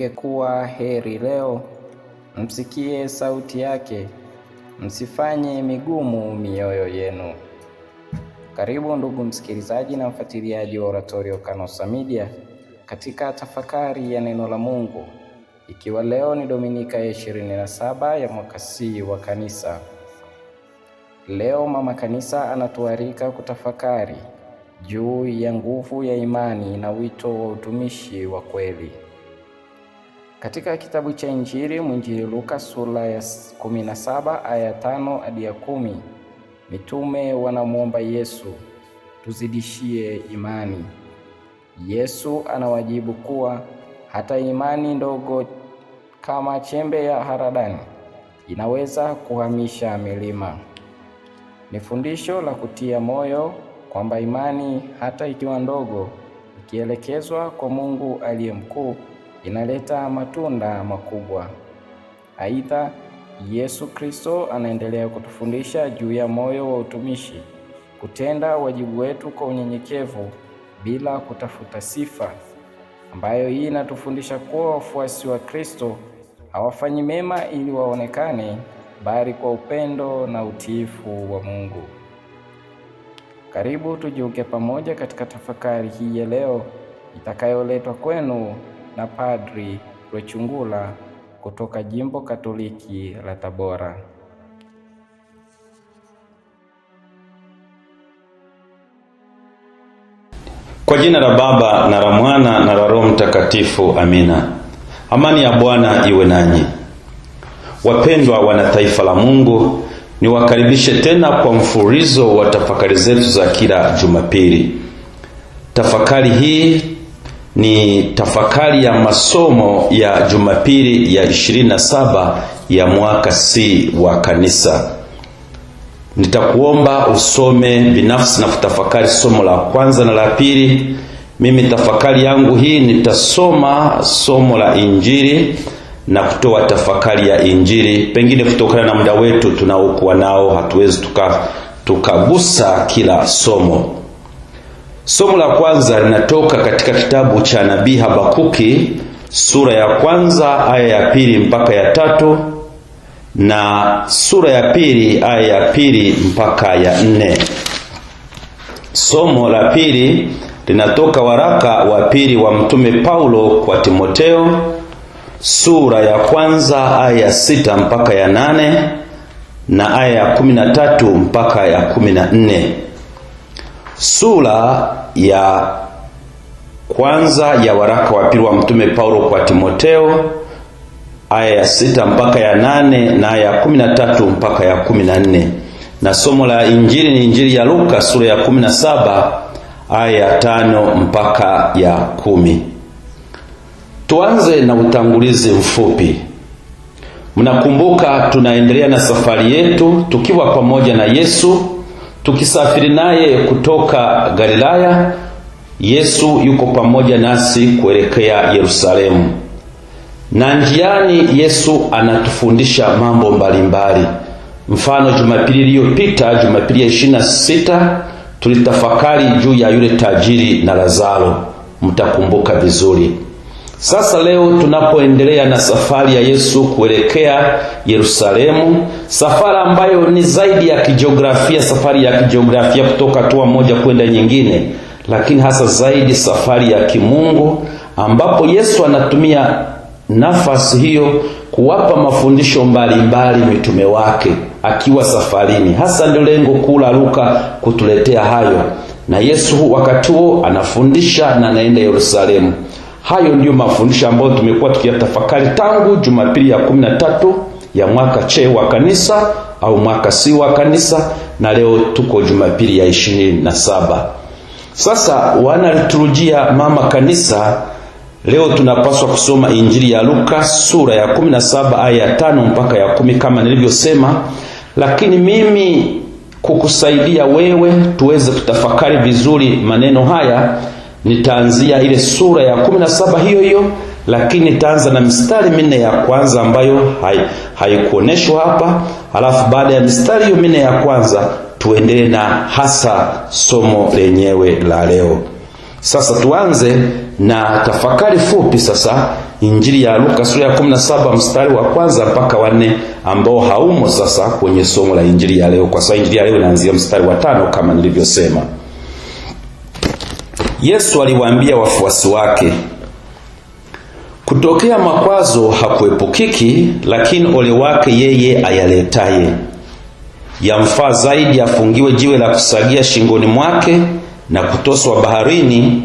ingekuwa heri leo msikie sauti yake, msifanye migumu mioyo yenu. Karibu ndugu msikilizaji na mfuatiliaji wa Oratorio Kanosa Media katika tafakari ya neno la Mungu, ikiwa leo ni Dominika ya 27 ya mwaka C wa Kanisa. Leo Mama Kanisa anatuarika kutafakari juu ya nguvu ya imani na wito wa utumishi wa kweli. Katika kitabu cha Injili mwinjili Luka sura ya 17 aya tano hadi ya kumi mitume wanamwomba Yesu, tuzidishie imani. Yesu anawajibu kuwa hata imani ndogo kama chembe ya haradani inaweza kuhamisha milima. Ni fundisho la kutia moyo kwamba imani hata ikiwa ndogo, ikielekezwa kwa Mungu aliye mkuu inaleta matunda makubwa. Aidha, Yesu Kristo anaendelea kutufundisha juu ya moyo wa utumishi, kutenda wajibu wetu kwa unyenyekevu bila kutafuta sifa, ambayo hii inatufundisha kuwa wafuasi wa Kristo hawafanyi mema ili waonekane, bali kwa upendo na utiifu wa Mungu. Karibu tujiunge pamoja katika tafakari hii ya leo itakayoletwa kwenu na Padri Rwechungura kutoka Jimbo Katoliki la Tabora. Kwa jina la Baba na la Mwana na la Roho Mtakatifu, amina. Amani ya Bwana iwe nanyi. Wapendwa wana taifa la Mungu, niwakaribishe tena kwa mfululizo wa tafakari zetu za kila Jumapili. Tafakari hii ni tafakari ya masomo ya Jumapili ya 27 ya mwaka C wa kanisa. Nitakuomba usome binafsi na kutafakari somo la kwanza na la pili. Mimi tafakari yangu hii nitasoma somo la Injili na kutoa tafakari ya Injili. Pengine kutokana na muda wetu tunaokuwa nao, hatuwezi tukagusa tuka kila somo. Somo la kwanza linatoka katika kitabu cha nabii Habakuki sura ya kwanza aya ya pili mpaka ya tatu na sura ya pili aya ya pili mpaka ya nne. Somo la pili linatoka waraka wa pili wa mtume Paulo kwa Timoteo sura ya kwanza aya ya sita mpaka ya nane na aya ya kumi na tatu mpaka ya kumi na nne. Sura ya kwanza ya waraka wa pili wa Mtume Paulo kwa Timoteo aya ya sita mpaka ya nane na aya ya kumi na tatu mpaka ya kumi na nne na somo la Injili ni Injili ya Luka sura ya kumi na saba aya ya tano mpaka ya kumi. Tuanze na utangulizi mfupi. Mnakumbuka tunaendelea na safari yetu tukiwa pamoja na Yesu Tukisafiri naye kutoka Galilaya, Yesu yuko pamoja nasi kuelekea Yerusalemu. Na njiani Yesu anatufundisha mambo mbalimbali. Mfano, Jumapili iliyopita, Jumapili ya 26, tulitafakari juu ya yule tajiri na Lazaro, mtakumbuka vizuri. Sasa leo tunapoendelea na safari ya Yesu kuelekea Yerusalemu, safari ambayo ni zaidi ya kijiografia, safari ya kijiografia kutoka hatua moja kwenda nyingine, lakini hasa zaidi safari ya kimungu, ambapo Yesu anatumia nafasi hiyo kuwapa mafundisho mbalimbali mitume wake akiwa safarini. Hasa ndio lengo kuu la Luka kutuletea hayo, na Yesu wakati huo anafundisha na anaenda Yerusalemu. Hayo ndiyo mafundisho ambayo tumekuwa tukiyatafakari tangu Jumapili ya 13 ya mwaka che wa kanisa au mwaka si wa kanisa, na leo tuko Jumapili ya 27 Sasa wana liturujia mama kanisa, leo tunapaswa kusoma Injili ya Luka sura ya 17 aya ya 5 mpaka ya kumi kama nilivyosema, lakini mimi kukusaidia wewe tuweze kutafakari vizuri maneno haya nitaanzia ile sura ya kumi na saba hiyo hiyo, lakini nitaanza na mistari minne ya kwanza ambayo haikuoneshwa hai hapa, halafu baada ya mistari hiyo minne ya kwanza tuendelee na hasa somo lenyewe la leo. Sasa tuanze na tafakari fupi sasa, Injili ya Luka sura ya 17 mstari wa kwanza mpaka wa nne ambao haumo sasa kwenye somo la Injili ya leo, kwa sababu Injili ya leo inaanzia mstari wa tano kama nilivyosema. Yesu aliwaambia wafuasi wake, kutokea makwazo hakuepukiki, lakini ole wake yeye ayaletaye. Yamfaa zaidi afungiwe jiwe la kusagia shingoni mwake na kutoswa baharini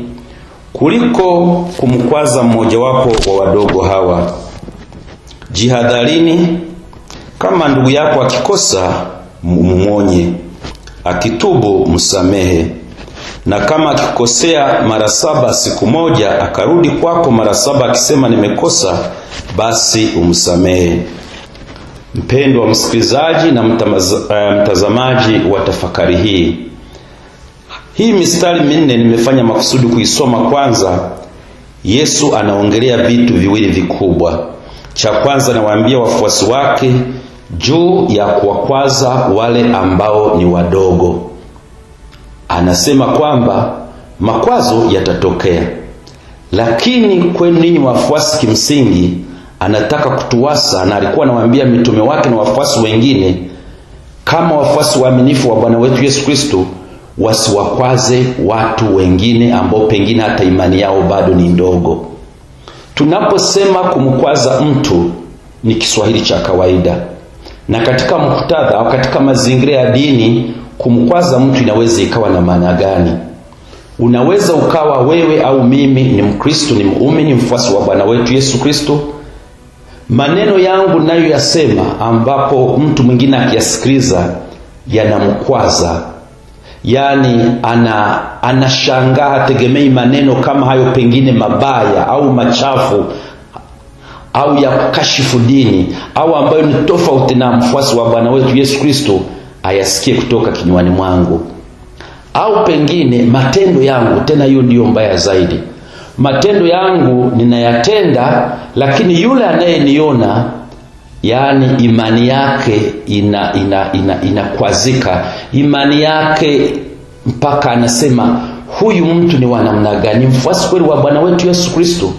kuliko kumkwaza mmojawapo wa wadogo hawa. Jihadharini, kama ndugu yako akikosa, mumonye akitubu, msamehe na kama akikosea mara saba siku moja, akarudi kwako mara saba akisema nimekosa, basi umsamehe. wa msikilizaji na eh, mtazamaji wa tafakari hii, hii mistari minne nimefanya makusudi kuisoma. Kwanza, Yesu anaongelea vitu viwili vikubwa. Cha kwanza, nawaambia wafuasi wake juu ya kuwakwaza wale ambao ni wadogo anasema kwamba makwazo yatatokea, lakini kwenu ninyi wafuasi, kimsingi anataka kutuwasa, na alikuwa anawaambia mitume wake na wafuasi wengine kama wafuasi waaminifu wa Bwana wetu Yesu Kristo wasiwakwaze watu wengine ambao pengine hata imani yao bado ni ndogo. Tunaposema kumkwaza mtu ni Kiswahili cha kawaida, na katika mkutadha au katika mazingira ya dini kumkwaza mtu inaweza ikawa na maana gani? Unaweza ukawa wewe au mimi ni Mkristo, ni muumini, mfuasi wa Bwana wetu Yesu Kristo, maneno yangu nayo yasema, ambapo mtu mwingine akiyasikiliza yanamkwaza, yaani ana anashangaa, hategemei maneno kama hayo, pengine mabaya au machafu au ya kukashifu dini au ambayo ni tofauti na mfuasi wa Bwana wetu Yesu Kristo ayasikie kutoka kinywani mwangu, au pengine matendo yangu. Tena hiyo ndiyo mbaya zaidi, matendo yangu ninayatenda, lakini yule anayeniona yaani imani yake inakwazika, ina, ina, ina imani yake mpaka anasema huyu mtu ni wanamna gani? Mfuasi kweli wa Bwana wetu Yesu Kristo?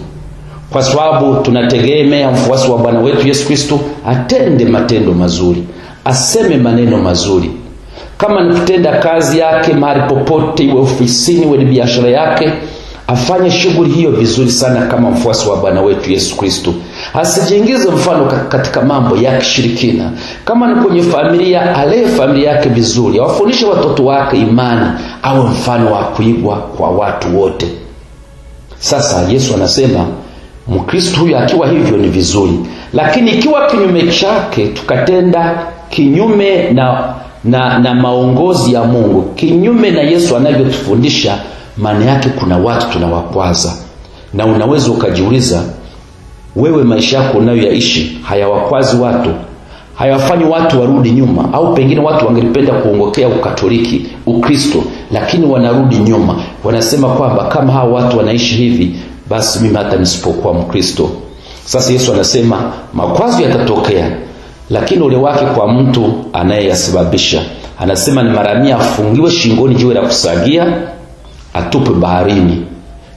Kwa sababu tunategemea mfuasi wa Bwana wetu Yesu Kristo atende matendo mazuri aseme maneno mazuri. Kama nikutenda kazi yake mahali popote, iwe ofisini, iwe biashara yake, afanye shughuli hiyo vizuri sana, kama mfuasi wa Bwana wetu Yesu Kristo. Asijiingize mfano katika mambo ya kishirikina. Kama ni kwenye familia, alee familia yake vizuri, awafundishe watoto wake imani, awe mfano wa kuigwa kwa watu wote. Sasa Yesu anasema Mkristo huyu akiwa hivyo ni vizuri, lakini ikiwa kinyume chake tukatenda kinyume na, na, na maongozi ya Mungu, kinyume na Yesu anavyotufundisha, maana yake kuna watu tunawakwaza, na unaweza ukajiuliza wewe, maisha yako unayoyaishi hayawakwazi watu, hayawafanyi watu warudi nyuma? Au pengine watu wangependa kuongokea Ukatoliki, Ukristo, lakini wanarudi nyuma, wanasema kwamba kama hawa watu wanaishi hivi, basi mimi hata nisipokuwa Mkristo. Sasa Yesu anasema makwazo yatatokea lakini ule wake kwa mtu anayeyasababisha. Anasema ni mara mia, afungiwe shingoni jiwe la kusagia, atupe baharini.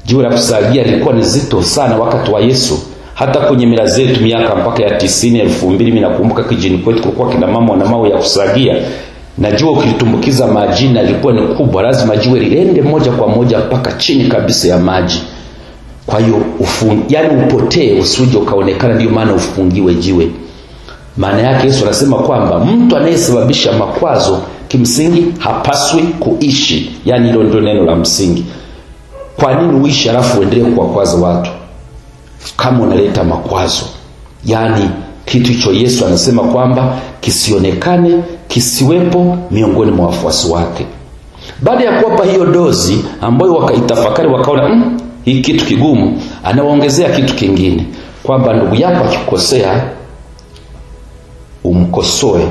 Jiwe la kusagia lilikuwa ni zito sana wakati wa Yesu. Hata kwenye mila zetu miaka mpaka ya tisini elfu mbili mimi nakumbuka kijini kwetu kulikuwa kina mama na mawe ya kusagia, na jiwe ukilitumbukiza majini lilikuwa ni kubwa, lazima jiwe liende moja kwa moja mpaka chini kabisa ya maji. Kwa hiyo yani upotee, usije ukaonekana, ndio maana ufungiwe jiwe. Maana yake Yesu anasema kwamba mtu anayesababisha makwazo kimsingi hapaswi kuishi. Yaani hilo ndio neno la msingi. Kwa nini uishi alafu uendelee kuwakwaza watu kama unaleta makwazo? Yaani kitu hicho Yesu anasema kwamba kisionekane, kisiwepo miongoni mwa wafuasi wake. Baada ya kuwapa hiyo dozi ambayo wakaitafakari, wakaona mm, hii kitu kigumu, anawaongezea kitu kingine kwamba ndugu yako akikosea umkosoe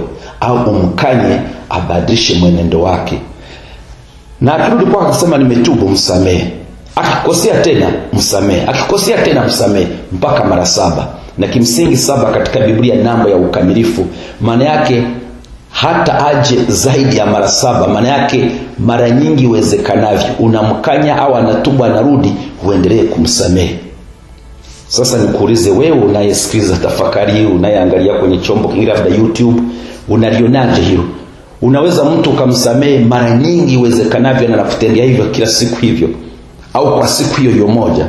au umkanye abadilishe mwenendo wake na akirudi kwako akisema nimetubu msamehe akikosea tena msamehe akikosea tena msamehe mpaka mara saba na kimsingi saba katika biblia namba ya ukamilifu maana yake hata aje zaidi ya mara saba maana yake mara nyingi iwezekanavyo unamkanya au anatubu anarudi uendelee kumsamehe sasa nikuulize wewe unayesikiliza tafakari hii, unayeangalia kwenye chombo kingine, labda YouTube, unalionaje hilo? Unaweza mtu ukamsamehe mara nyingi iwezekanavyo, na nakutendea hivyo kila siku hivyo, au kwa siku hiyo hiyo moja.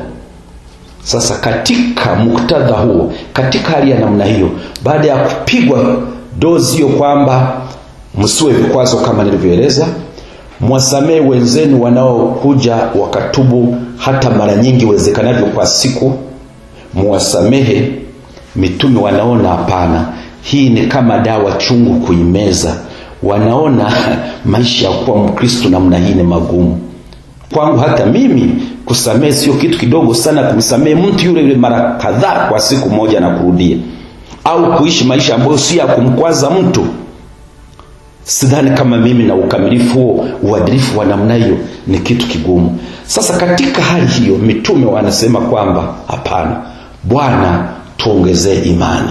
Sasa katika muktadha huo, katika hali ya namna hiyo, baada ya kupigwa dozi hiyo kwamba msiwe vikwazo, kama nilivyoeleza, mwasamehe wenzenu wanaokuja wakatubu hata mara nyingi iwezekanavyo kwa siku muwasamehe. Mitume wanaona hapana, hii ni kama dawa chungu kuimeza. Wanaona maisha ya kuwa Mkristo namna hii ni magumu. Kwangu hata mimi kusamehe sio kitu kidogo sana, kumsamehe mtu yule yule mara kadhaa kwa siku moja na kurudia, au kuishi maisha ambayo si ya kumkwaza mtu. Sidhani kama mimi na ukamilifu huo, uadilifu wa namna hiyo ni kitu kigumu. Sasa katika hali hiyo, mitume wanasema kwamba hapana Bwana tuongezee imani.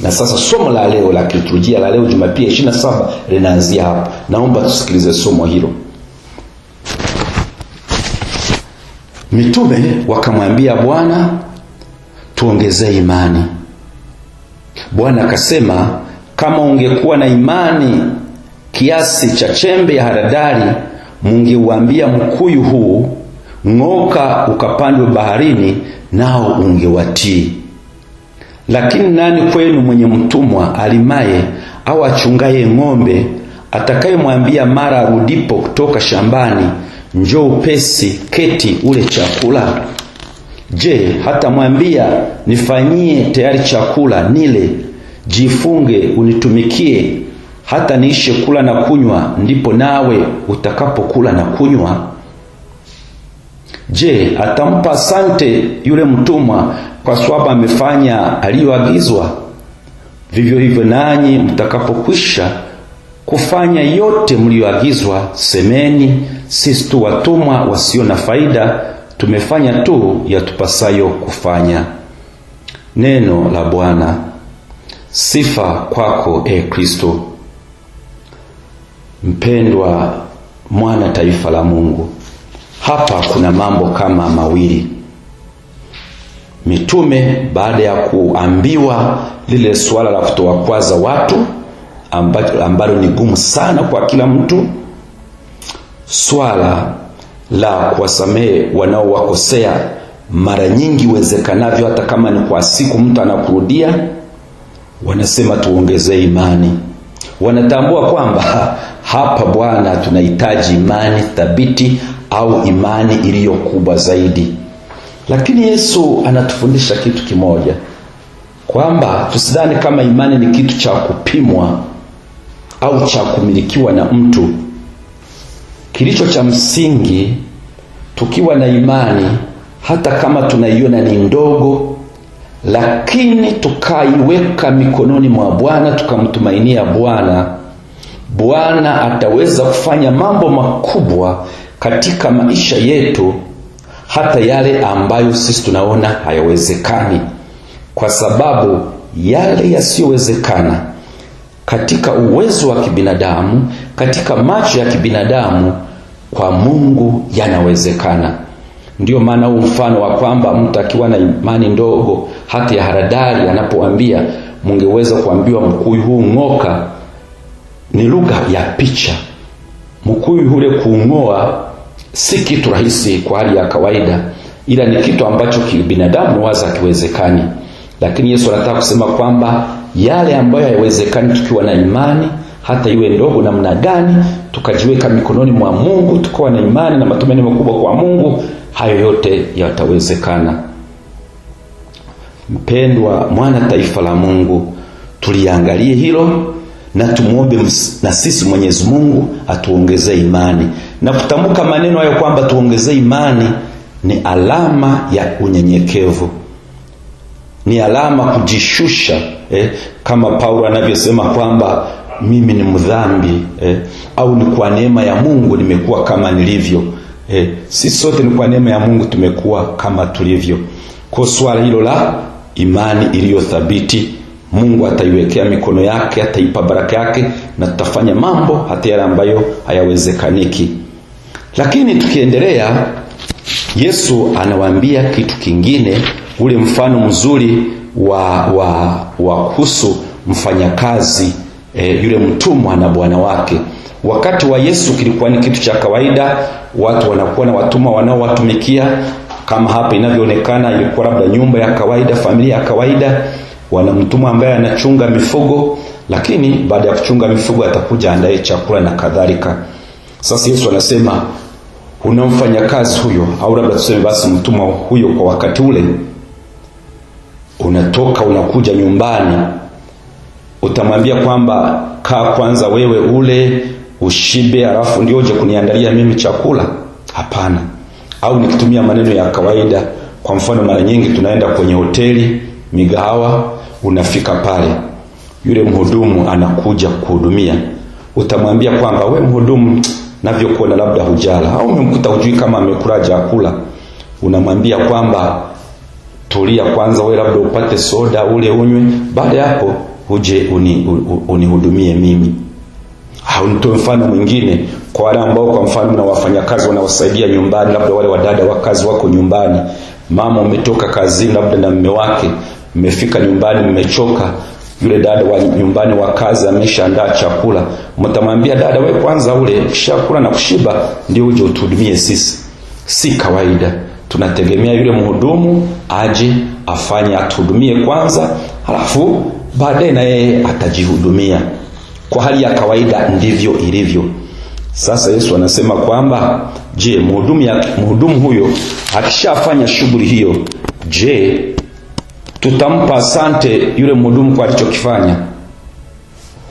Na sasa somo la leo la kiliturujia la leo Jumapili 27 linaanzia hapo. Naomba tusikilize somo hilo. Mitume wakamwambia Bwana, tuongezee imani. Bwana akasema, kama ungekuwa na imani kiasi cha chembe ya haradari mungeuambia mkuyu huu ng'oka ukapandwe baharini, nao ungewatii. Lakini nani kwenu mwenye mtumwa alimaye au achungaye ng'ombe atakayemwambia mara arudipo kutoka shambani, njoo upesi, keti ule chakula? Je, hatamwambia nifanyie tayari chakula nile, jifunge unitumikie, hata niishe kula na kunywa? Ndipo nawe utakapokula na kunywa Je, atampa sante yule mtumwa kwa sababu amefanya aliyoagizwa? Vivyo hivyo nanyi mtakapokwisha kufanya yote mliyoagizwa, semeni, sisi tu watumwa wasio na faida, tumefanya tu yatupasayo kufanya. Neno la Bwana. Sifa kwako e Kristo. Mpendwa mwana taifa la Mungu. Hapa kuna mambo kama mawili. Mitume baada ya kuambiwa lile suala la kutowakwaza watu ambalo ni gumu sana kwa kila mtu, swala la kuwasamehe wanaowakosea mara nyingi wezekanavyo, hata kama ni kwa siku mtu anakurudia, wanasema tuongezee imani. Wanatambua kwamba hapa, Bwana, tunahitaji imani thabiti au imani iliyo kubwa zaidi. Lakini Yesu anatufundisha kitu kimoja, kwamba tusidhani kama imani ni kitu cha kupimwa au cha kumilikiwa na mtu. Kilicho cha msingi, tukiwa na imani, hata kama tunaiona ni ndogo, lakini tukaiweka mikononi mwa Bwana, tukamtumainia Bwana, Bwana ataweza kufanya mambo makubwa katika maisha yetu, hata yale ambayo sisi tunaona hayawezekani, kwa sababu yale yasiyowezekana katika uwezo wa kibinadamu, katika macho ya kibinadamu, kwa Mungu yanawezekana. Ndiyo maana huu mfano wa kwamba mtu akiwa na imani ndogo hata ya haradari anapoambia mungeweza kuambiwa mkuyu huu ng'oka, ni lugha ya picha. Mkuyu ule kuung'oa si kitu rahisi kwa hali ya kawaida, ila ni kitu ambacho kibinadamu waza kiwezekani Lakini Yesu anataka kusema kwamba yale ambayo hayawezekani, tukiwa na imani hata iwe ndogo namna gani, tukajiweka mikononi mwa Mungu, tukiwa na imani na matumaini makubwa kwa Mungu, hayo yote yatawezekana. Mpendwa mwana taifa la Mungu, tuliangalie hilo na tumwombe na sisi Mwenyezi Mungu atuongezee imani. Na kutamka maneno hayo kwamba tuongezee imani ni alama ya unyenyekevu, ni alama kujishusha, eh, kama Paulo anavyosema kwamba mimi ni mdhambi eh, au ni kwa neema ya Mungu nimekuwa kama nilivyo. Eh, sisi sote ni kwa neema ya Mungu tumekuwa kama tulivyo. Kwa swala hilo la imani iliyo thabiti Mungu ataiwekea mikono yake, ataipa baraka yake na tutafanya mambo hata yale ambayo hayawezekaniki. Lakini tukiendelea, Yesu anawaambia kitu kingine, ule mfano mzuri wa wa wa kuhusu mfanyakazi e, yule mtumwa na bwana wake. Wakati wa Yesu kilikuwa ni kitu cha kawaida, watu wanakuwa na watumwa wanaowatumikia, kama hapa inavyoonekana, ilikuwa labda nyumba ya kawaida, familia ya kawaida wala mtumwa ambaye anachunga mifugo, lakini baada ya kuchunga mifugo atakuja andaye chakula na kadhalika. Sasa Yesu anasema unamfanya kazi huyo, au labda tuseme basi mtumwa huyo, kwa wakati ule unatoka unakuja nyumbani, utamwambia kwamba kaa kwanza wewe ule ushibe, alafu ndio uje kuniandalia mimi chakula? Hapana. Au nikitumia maneno ya kawaida, kwa mfano, mara nyingi tunaenda kwenye hoteli, migahawa unafika pale, yule mhudumu anakuja kuhudumia, utamwambia kwamba we mhudumu, navyokuona labda hujala au umemkuta hujui kama amekula chakula. Unamwambia kwamba tulia kwanza, we labda upate soda ule unywe, baada yapo huje uje unihudumie uni mimi. Au nitoe mfano mwingine kwa wale ambao kwa mfano na wafanyakazi wanaosaidia nyumbani, labda wale wadada wa kazi wako nyumbani, mama umetoka kazini labda na mme wake, mmefika nyumbani, mmechoka, yule dada wa nyumbani wa kazi ameshaandaa chakula, mtamwambia dada, we kwanza ule kishakula na kushiba, ndio uje utuhudumie sisi. Si kawaida, tunategemea yule mhudumu aje afanye atuhudumie kwanza, halafu baadaye na yeye atajihudumia. Kwa hali ya kawaida ndivyo ilivyo. Sasa Yesu anasema kwamba je, mhudumu huyo akishafanya shughuli hiyo, je tutampa asante yule mhudumu kwa alichokifanya.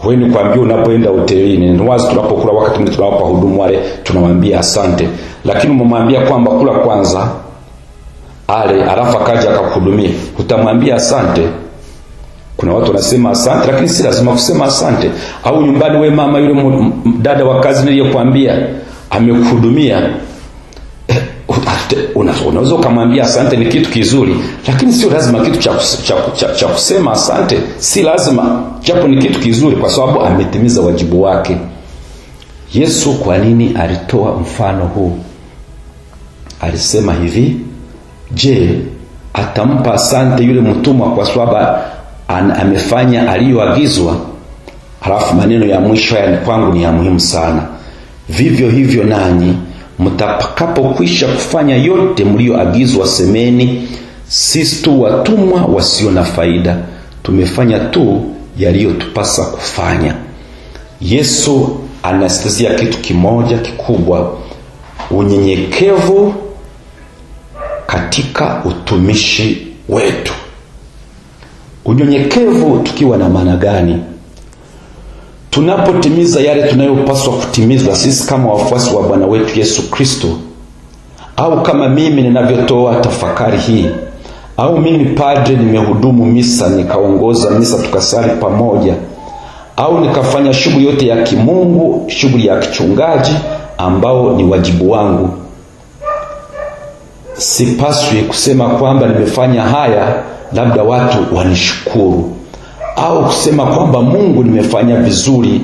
Wewe nikwambia, unapoenda hotelini, ni wazi tunapokula, wakati mwingine tunawapa hudumu wale, tunamwambia asante, lakini umemwambia kwamba kula kwanza ale, alafu akaja akakuhudumia, utamwambia asante? Kuna watu wanasema asante, lakini si lazima kusema asante. Au nyumbani, we mama, yule dada wa kazi niliyokuambia amekuhudumia unaweza ukamwambia asante ni kitu kizuri, lakini sio lazima kitu cha, cha, cha, cha kusema asante si lazima, japo ni kitu kizuri, kwa sababu ametimiza wajibu wake. Yesu kwa nini alitoa mfano huu? Alisema hivi, je, atampa asante yule mtumwa kwa sababu amefanya aliyoagizwa? Halafu maneno ya mwisho haya kwangu ni ya muhimu sana. Vivyo hivyo nanyi Mtakapokwisha kufanya yote mliyoagizwa, semeni, sisi tu watumwa wasio na faida, tumefanya tu yaliyotupasa kufanya. Yesu anasisitizia kitu kimoja kikubwa, unyenyekevu katika utumishi wetu. Unyenyekevu tukiwa na maana gani? tunapotimiza yale tunayopaswa kutimiza sisi kama wafuasi wa Bwana wetu Yesu Kristo, au kama mimi ninavyotoa tafakari hii, au mimi padre nimehudumu misa nikaongoza misa tukasali pamoja, au nikafanya shughuli yote ya kimungu, shughuli ya kichungaji ambao ni wajibu wangu, sipaswi kusema kwamba nimefanya haya labda watu wanishukuru au kusema kwamba Mungu, nimefanya vizuri,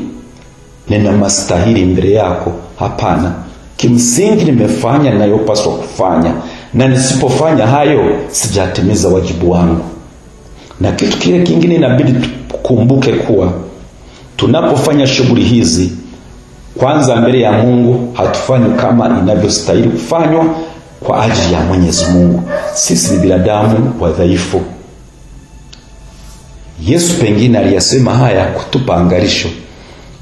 nina mastahili mbele yako. Hapana, kimsingi nimefanya ninayopaswa kufanya, na nisipofanya hayo sijatimiza wajibu wangu. Na kitu kile kingine, inabidi tukumbuke kuwa tunapofanya shughuli hizi kwanza mbele ya Mungu hatufanyi kama inavyostahili kufanywa kwa ajili ya Mwenyezi Mungu. Sisi ni binadamu wadhaifu. Yesu pengine aliyasema haya kutupa angalisho.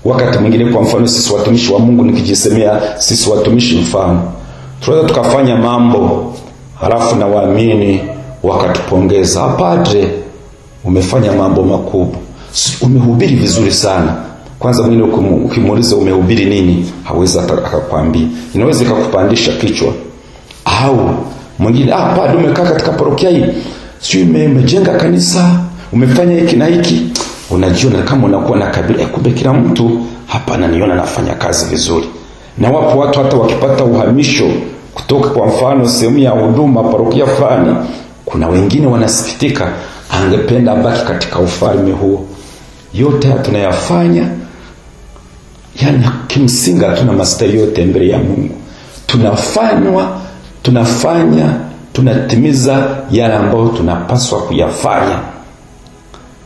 Wakati mwingine, kwa mfano, sisi watumishi wa Mungu, nikijisemea sisi watumishi, mfano tunaweza tukafanya mambo halafu na waamini wakatupongeza, padre, umefanya mambo makubwa, umehubiri vizuri sana. Kwanza mwingine ukimuuliza umehubiri nini, hawezi akakwambia, inaweza ikakupandisha kichwa. Au mwingine ah, padre, umekaa katika parokia hii, sio, umejenga kanisa umefanya hiki na hiki, unajiona kama unakuwa na kabila. Kumbe kila mtu hapa ananiona nafanya kazi vizuri. Na wapo watu hata wakipata uhamisho kutoka kwa mfano sehemu ya huduma parokia fulani, kuna wengine wanasikitika, angependa baki katika ufalme huo. Yote haya tunayafanya, yani kimsingi hatuna mastari yote mbele ya Mungu, tunafanywa tunafanya tunatimiza yale ambayo tunapaswa kuyafanya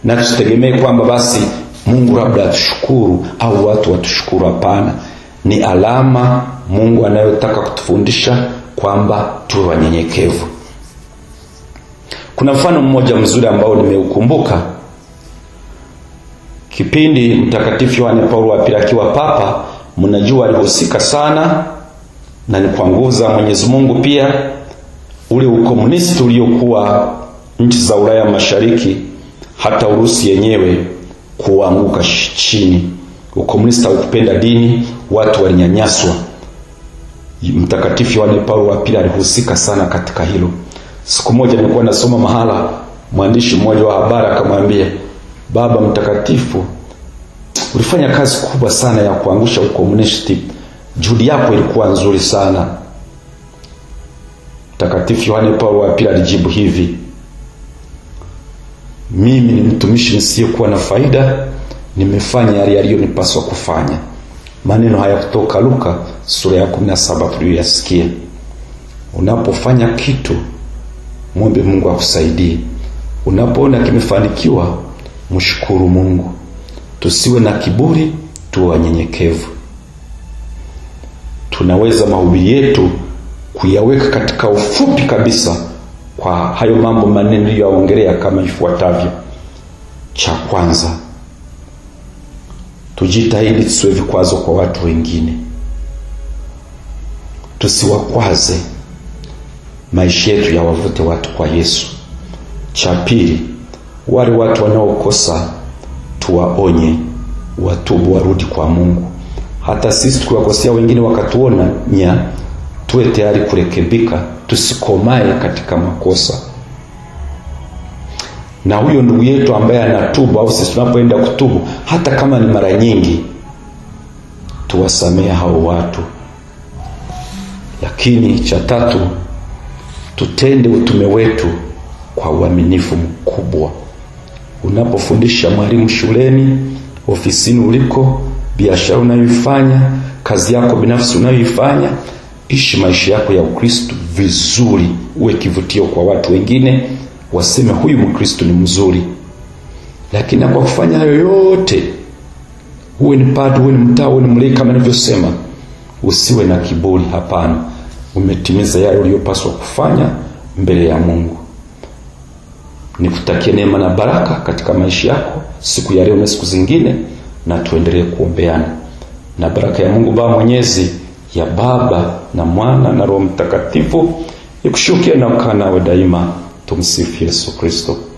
na tusitegemee kwamba basi Mungu labda atushukuru au watu watushukuru. Hapana, ni alama Mungu anayotaka kutufundisha kwamba tuwe wanyenyekevu. Kuna mfano mmoja mzuri ambao nimeukumbuka kipindi Mtakatifu Yohane Paulo wa Pili akiwa papa. Mnajua alihusika sana na ni kwa nguvu za Mwenyezi Mungu pia ule ukomunisti uliokuwa nchi za Ulaya Mashariki hata Urusi yenyewe kuanguka chini. Ukomunisti haukupenda dini, watu walinyanyaswa. Mtakatifu Yohane Paulo wa Pili alihusika sana katika hilo. Siku moja nilikuwa nasoma mahala, mwandishi mmoja wa habari akamwambia, Baba Mtakatifu, ulifanya kazi kubwa sana ya kuangusha ukomunisti, juhudi yako ilikuwa nzuri sana. Mtakatifu Yohane Paulo wa Pili alijibu hivi mimi ni mtumishi nisiyekuwa na faida, nimefanya yale yaliyonipaswa kufanya. Maneno haya kutoka Luka sura ya 17 tuliyoyasikia. Unapofanya kitu mwombe Mungu akusaidie. Unapoona kimefanikiwa, mshukuru Mungu. Tusiwe na kiburi, tuwe wanyenyekevu. Tunaweza mahubiri yetu kuyaweka katika ufupi kabisa kwa hayo mambo manne niliyoyaongelea kama ifuatavyo. Cha kwanza, tujitahidi tusiwe vikwazo kwa watu wengine, tusiwakwaze maisha yetu yawavute watu kwa Yesu. Cha pili, wale watu wanaokosa tuwaonye, watubu, warudi kwa Mungu. Hata sisi tukiwakosea wengine wakatuona nya tuwe tayari kurekebika, tusikomae katika makosa. Na huyo ndugu yetu ambaye anatubu au sisi tunapoenda kutubu, hata kama ni mara nyingi, tuwasamehe hao watu. Lakini cha tatu, tutende utume wetu kwa uaminifu mkubwa. Unapofundisha mwalimu shuleni, ofisini uliko, biashara unayoifanya, kazi yako binafsi unayoifanya ishi maisha yako ya Ukristo vizuri, uwe kivutio kwa watu wengine, waseme huyu Mkristo ni mzuri. Lakini na kwa kufanya hayo yote, uwe ni padri, uwe ni mtaa, uwe ni mlei, kama nilivyosema, usiwe na kiburi. Hapana, umetimiza yale uliyopaswa kufanya mbele ya Mungu. Nikutakie neema na baraka katika maisha yako siku ya leo na siku zingine, na tuendelee kuombeana na baraka ya Mungu Baba Mwenyezi ya Baba na Mwana na Roho Mtakatifu, ikushukia na ukanawe daima. Tumsifu Yesu Kristo.